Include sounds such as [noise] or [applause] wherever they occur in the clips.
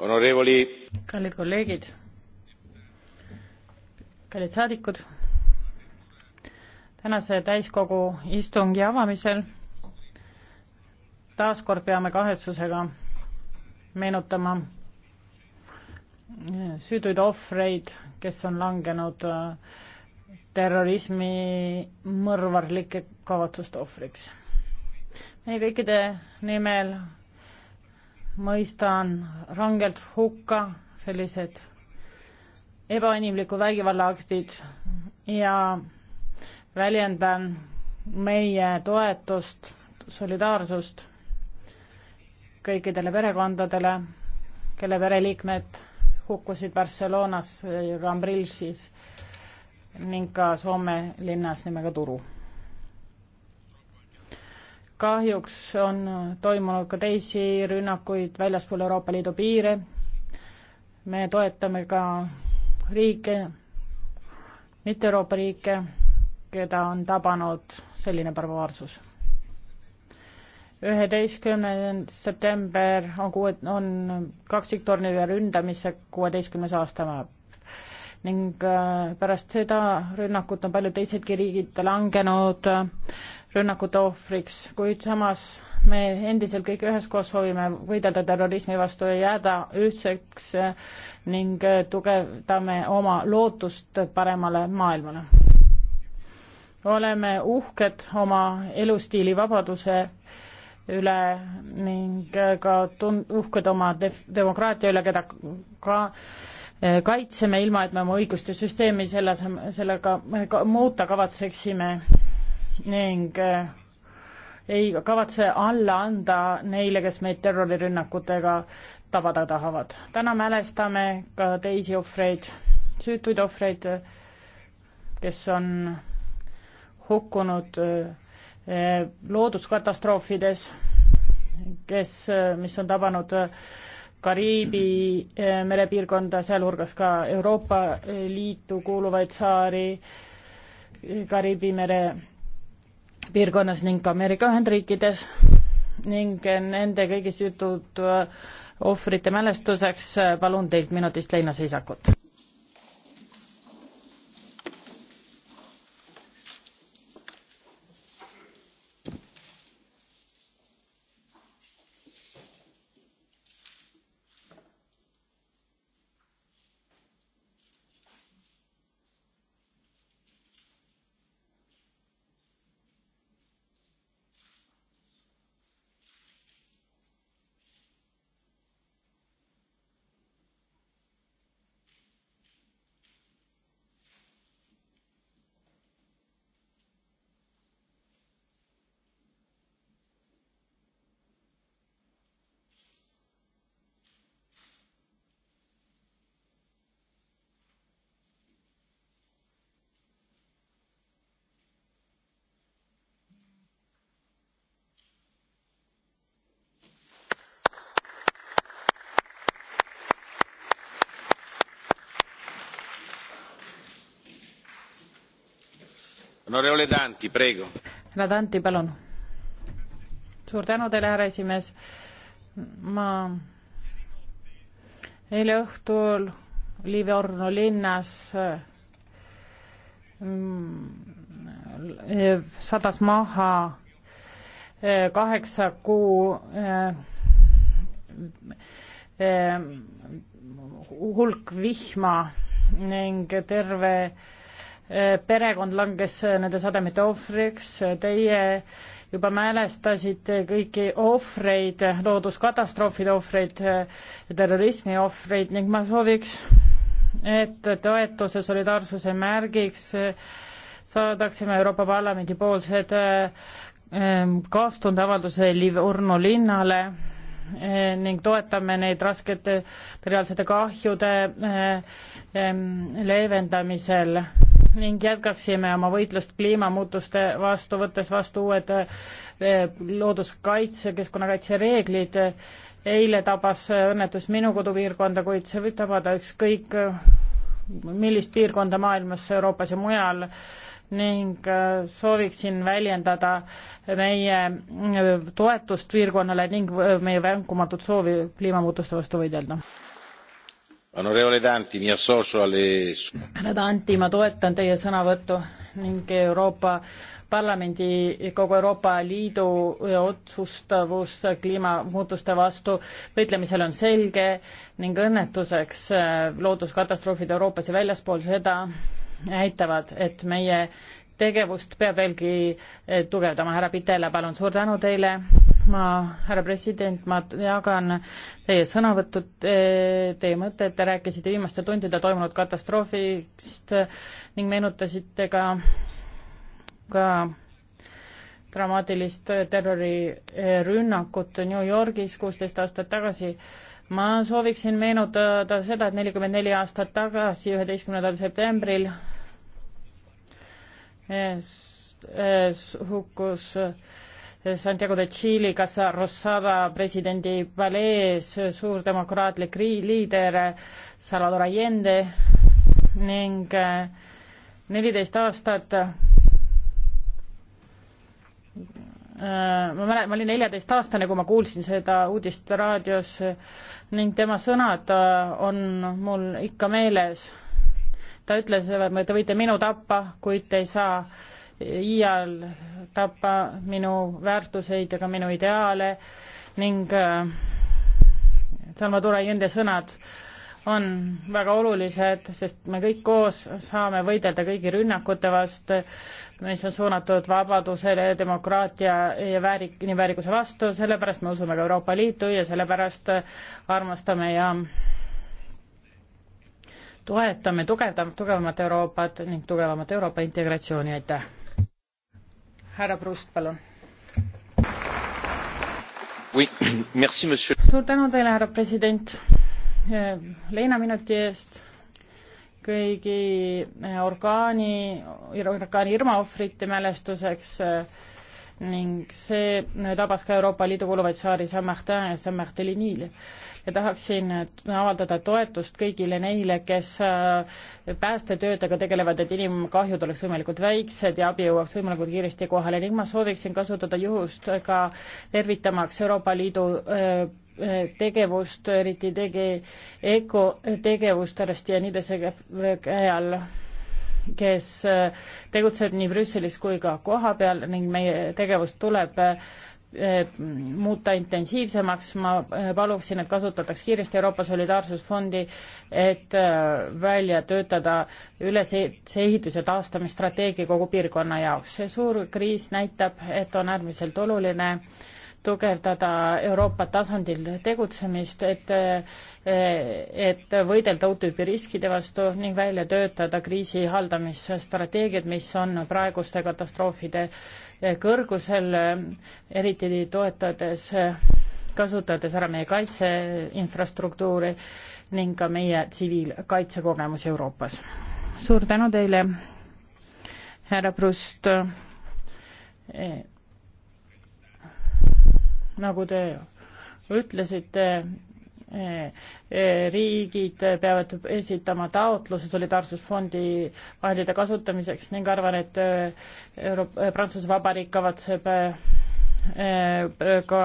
Honorevoli. kallid kolleegid, kallid saadikud, tänase täiskogu istungi avamisel taas kord peame kahetsusega meenutama süütuid ohvreid, kes on langenud äh, terrorismi mõrvarlike kavatsuste ohvriks. meie kõikide nimel mõistan rangelt hukka sellised ebainimliku vägivallaaktid ja väljendan meie toetust, solidaarsust kõikidele perekondadele, kelle pereliikmed hukkusid Barcelonas Rambrilsis ning ka Soome linnas nimega Turu kahjuks on toimunud ka teisi rünnakuid väljaspool Euroopa Liidu piire. me toetame ka riike, mitte Euroopa riike, keda on tabanud selline barbaarsus. üheteistkümnes september on kuue, on kaksiktornide ründamise kuueteistkümnes aastapäev ning äh, pärast seda rünnakut on paljud teisedki riigid langenud äh, rünnakute ohvriks, kuid samas me endiselt kõik üheskoos soovime võidelda terrorismi vastu ja jääda ühtseks eh, ning eh, tugevdame oma lootust paremale maailmale. oleme uhked oma elustiili vabaduse üle ning eh, ka tun-, uhked oma def-, demokraatia üle, keda ka kaitseme, ilma et me oma õiguste süsteemi selle, sellega ka, muuta kavatseksime ning äh, ei kavatse alla anda neile, kes meid terrorirünnakutega tabada tahavad. täna mälestame ka teisi ohvreid, süütuid ohvreid, kes on hukkunud äh, looduskatastroofides, kes, äh, mis on tabanud Kariibi merepiirkonda, sealhulgas ka Euroopa Liitu kuuluvaid saari, Kariibi mere piirkonnas ning ka Ameerika Ühendriikides ning nende kõigist jutud äh, ohvrite mälestuseks äh, palun teilt minutist leinaseisakut. härra Danti, palun. suur tänu teile, härra esimees. ma eile õhtul Livorno linnas mm, sadas maha eh, kaheksa kuu eh, eh, hulk vihma ning terve Eh, perekond langes eh, nende sademete ohvriks, eh, teie juba mälestasite kõiki ohvreid, looduskatastroofide ohvreid, terrorismi ohvreid ning ma sooviks, et toetuse solidaarsuse märgiks saadaksime Euroopa Parlamendi poolsed kaastundavalduse Livorno linnale ning toetame neid raskete materiaalsete kahjude leevendamisel ning jätkaksime oma võitlust kliimamuutuste vastu, võttes vastu uued eh, looduskaitse, keskkonnakaitse reeglid. eile tabas eh, õnnetus minu kodupiirkonda, kuid see võib tabada ükskõik eh, millist piirkonda maailmas, Euroopas ja mujal ning sooviksin väljendada meie toetust piirkonnale ning meie vankumatut soovi kliimamuutuste vastu võidelda onorevole Danti, mi associo alle. härra Danti, ma toetan teie sõnavõttu ning Euroopa Parlamendi, kogu Euroopa Liidu otsustavus kliimamuutuste vastu võitlemisel on selge ning õnnetuseks äh, looduskatastroofid Euroopas ja väljaspool seda näitavad, et meie tegevust peab veelgi äh, tugevdama. härra Pitele, palun, suur tänu teile ma, härra president, ma jagan teie sõnavõtud, eh, teie mõtted, te rääkisite viimastel tundidel toimunud katastroofist ning meenutasite ka, ka dramaatilist terrorirünnakut New Yorgis kuusteist aastat tagasi. ma sooviksin meenutada seda, et nelikümmend neli aastat tagasi, üheteistkümnendal septembril eh, eh, hukkus Santiago de Chile, Casa Rosada, presidendi palees, suur demokraatlik liider Salvador Allende ning äh, neliteist aastat äh, ma mäletan, ma olin neljateistaastane, kui ma kuulsin seda uudist raadios ning tema sõnad äh, on mul ikka meeles. ta ütles, et te võite minu tappa, kuid te ei saa iial tappa minu väärtuseid ja ka minu ideaale ning äh, Salma Turajõnde sõnad on väga olulised, sest me kõik koos saame võidelda kõigi rünnakute vastu, mis on suunatud vabadusele, demokraatia ja väärik-, inimväärikuse vastu, sellepärast me usume ka Euroopa Liitu ja sellepärast armastame ja toetame tugev, tugevamat Euroopat ning tugevamat Euroopa integratsiooni, aitäh! härra Proust, palun oui,. [clears throat] suur tänu teile, härra president, äh, leinaminuti eest kõigi äh, orkaani, orkaani Irma ohvrite mälestuseks äh, ning see tabas ka Euroopa Liidu kuuluvaid saari Saint-Martin ja Saint-Martin-Linil. ja tahaksin avaldada toetust kõigile neile, kes äh, päästetöödega tegelevad, et inimkahjud oleks võimalikult väiksed ja abi jõuaks võimalikult kiiresti kohale ning ma sooviksin kasutada juhust ka tervitamaks Euroopa Liidu äh, äh, tegevust, eriti tegi EKO tegevust Arestianidese käe all kes äh, tegutseb nii Brüsselis kui ka kohapeal ning meie tegevust tuleb äh, muuta intensiivsemaks, ma äh, paluksin, et kasutataks kiiresti Euroopa Solidaarsusfondi, et välja töötada ülesehitus- e-, ja taastamisstrateegia kogu piirkonna jaoks. see suur kriis näitab, et on äärmiselt oluline äh, tugevdada Euroopa tasandil tegutsemist, et et võidelda uut tüüpi riskide vastu ning välja töötada kriisi haldamisstrateegiad, mis on praeguste katastroofide kõrgusel, eriti toetades, kasutades ära meie kaitseinfrastruktuuri ning ka meie tsiviilkaitsekogemus Euroopas. suur tänu teile, härra Prust nagu te ütlesite, eh, eh, riigid peavad esitama taotluse solidaarsusfondi vahendite kasutamiseks ning arvan, et eh, Euro-, Prantsuse Vabariik kavatseb ka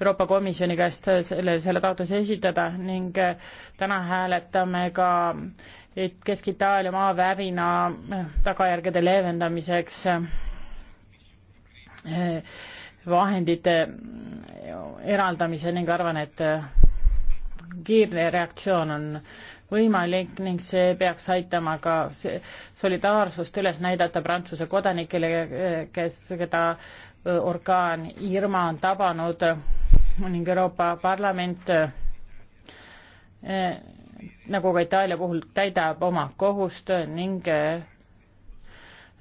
Euroopa Komisjoni käest selle, selle taotluse esitada ning täna hääletame ka Kesk-Itaalia maavärina tagajärgede leevendamiseks vahendite eraldamise ning arvan, et kiirne reaktsioon on võimalik ning see peaks aitama ka solidaarsust üles näidata Prantsuse kodanikele, kes, keda orkaan Irma on tabanud ning Euroopa Parlament nagu ka Itaalia puhul täidab oma kohust ning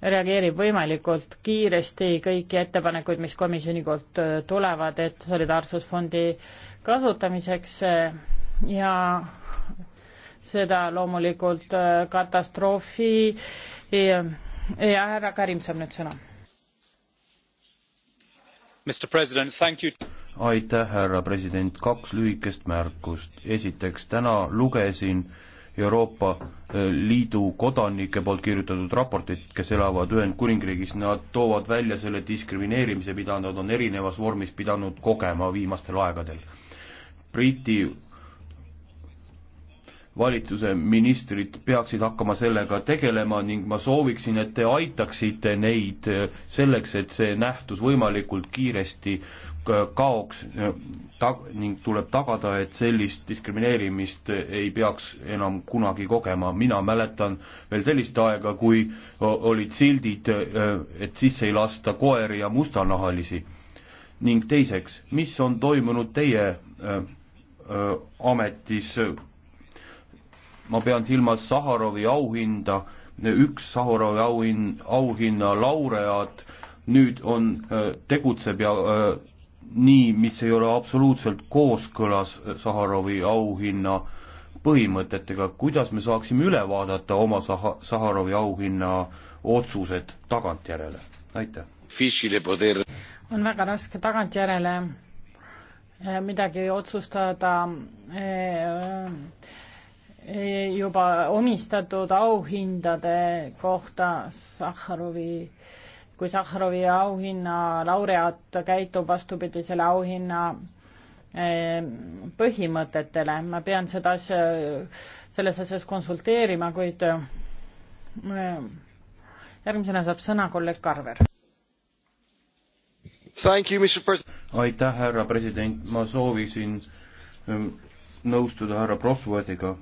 reageerib võimalikult kiiresti kõiki ettepanekuid, mis komisjoni poolt äh, tulevad, et solidaarsusfondi kasutamiseks äh, ja seda loomulikult äh, katastroofi ja härra Karim saab nüüd sõna. aitäh, härra president, kaks lühikest märkust. esiteks, täna lugesin Euroopa äh, Liidu kodanike poolt kirjutatud raportit, kes elavad Ühendkuningriigis, nad toovad välja selle diskrimineerimise, mida nad on erinevas vormis pidanud kogema viimastel aegadel. Briti valitsuse ministrid peaksid hakkama sellega tegelema ning ma sooviksin, et te aitaksite neid äh, selleks, et see nähtus võimalikult kiiresti Äh, kaoks äh, ta-, ning tuleb tagada, et sellist diskrimineerimist ei peaks enam kunagi kogema. mina mäletan veel sellist aega, kui olid sildid, äh, et sisse ei lasta koeri ja mustanahalisi. ning teiseks, mis on toimunud teie äh, äh, ametis, ma pean silmas Saharovi auhinda, üks Saharovi auhin-, auhinna laureaat nüüd on, tegutseb ja äh, nii, mis ei ole absoluutselt kooskõlas Saharovi auhinna põhimõtetega, kuidas me saaksime üle vaadata oma Saha-, Saharovi auhinna otsused tagantjärele, aitäh. on väga raske tagantjärele eh, midagi otsustada eh, eh, juba omistatud auhindade kohta Sahharovi kui Sahhrovi auhinna laureaat käitub vastupidi selle auhinna eh, põhimõtetele, ma pean seda asja, selles asjas konsulteerima, kuid eh, järgmisena saab sõna kolleeg Karver. aitäh, härra president, ma soovisin eh, nõustuda härra Prosvadiga.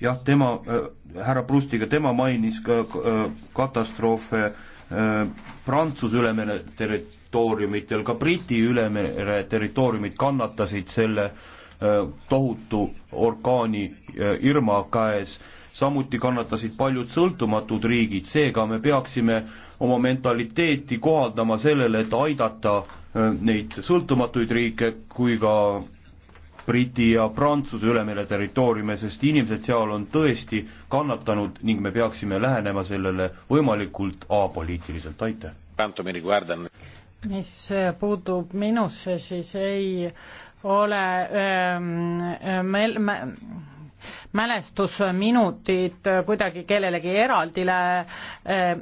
jah, tema äh,, härra Prustiga, tema mainis ka äh, katastroofe äh, Äh, Prantsuse ülemere territooriumitel, ka Briti ülemere territooriumid kannatasid selle äh, tohutu orkaani äh, Irma käes, samuti kannatasid paljud sõltumatud riigid, seega me peaksime oma mentaliteeti kohaldama sellele, et aidata neid sõltumatuid riike kui ka Briti ja Prantsuse ülemere territooriume, sest inimesed seal on tõesti kannatanud ning me peaksime lähenema sellele võimalikult apoliitiliselt, aitäh. mis puutub minusse, siis ei ole ähm, meil ähm, ähm, mälestusminutid kuidagi kellelegi eraldile eh,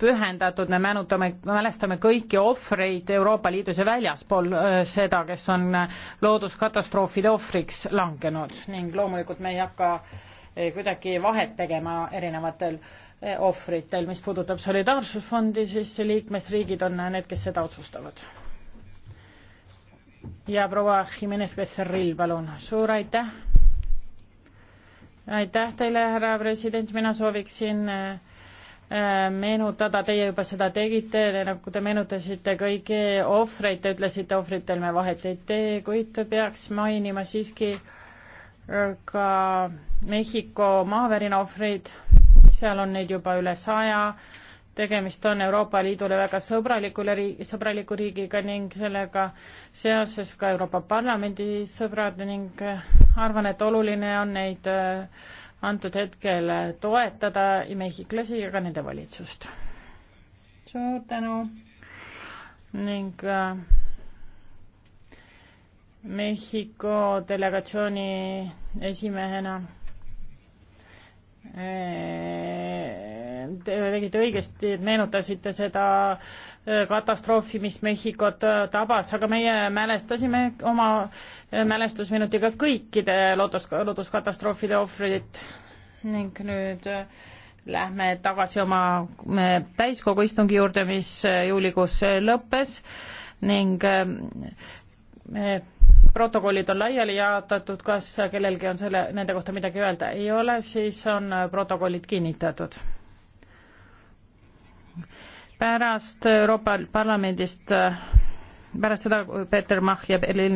pühendatud, me mänutame, mälestame kõiki ohvreid Euroopa Liidus ja väljaspool eh, seda, kes on looduskatastroofide ohvriks langenud ning loomulikult me ei hakka eh, kuidagi vahet tegema erinevatel ohvritel, mis puudutab Solidaarsusfondi, siis liikmesriigid on need, kes seda otsustavad. ja proua Jimenez Becerril, palun, suur aitäh aitäh teile, härra president, mina sooviksin äh, äh, meenutada, teie juba seda tegite, nagu te meenutasite kõiki ohvreid, te ütlesite, ohvritel me vahet ei tee, kuid peaks mainima siiski äh, ka Mehhiko maavärina ohvreid, seal on neid juba üle saja, tegemist on Euroopa Liidule väga sõbralikule riigi, sõbraliku riigiga ning sellega seoses ka Euroopa Parlamendi sõbrad ning äh, arvan, et oluline on neid äh, antud hetkel äh, toetada mehhiklasi ja ka nende valitsust. suur tänu ning Mehhiko delegatsiooni esimehena te tegite õigesti, et meenutasite seda äh, katastroofi, mis Mehhikot äh, tabas, aga meie mälestasime oma äh, mälestusminutiga kõikide loodus, looduskatastroofide ohvrit ning nüüd lähme tagasi oma täiskogu istungi juurde, mis juulikuus lõppes ning protokollid on laiali jaotatud, kas kellelgi on selle, nende kohta midagi öelda? ei ole, siis on protokollid kinnitatud pärast Euroopa Parlamendist pärast seda Peeter Mach ja Berliini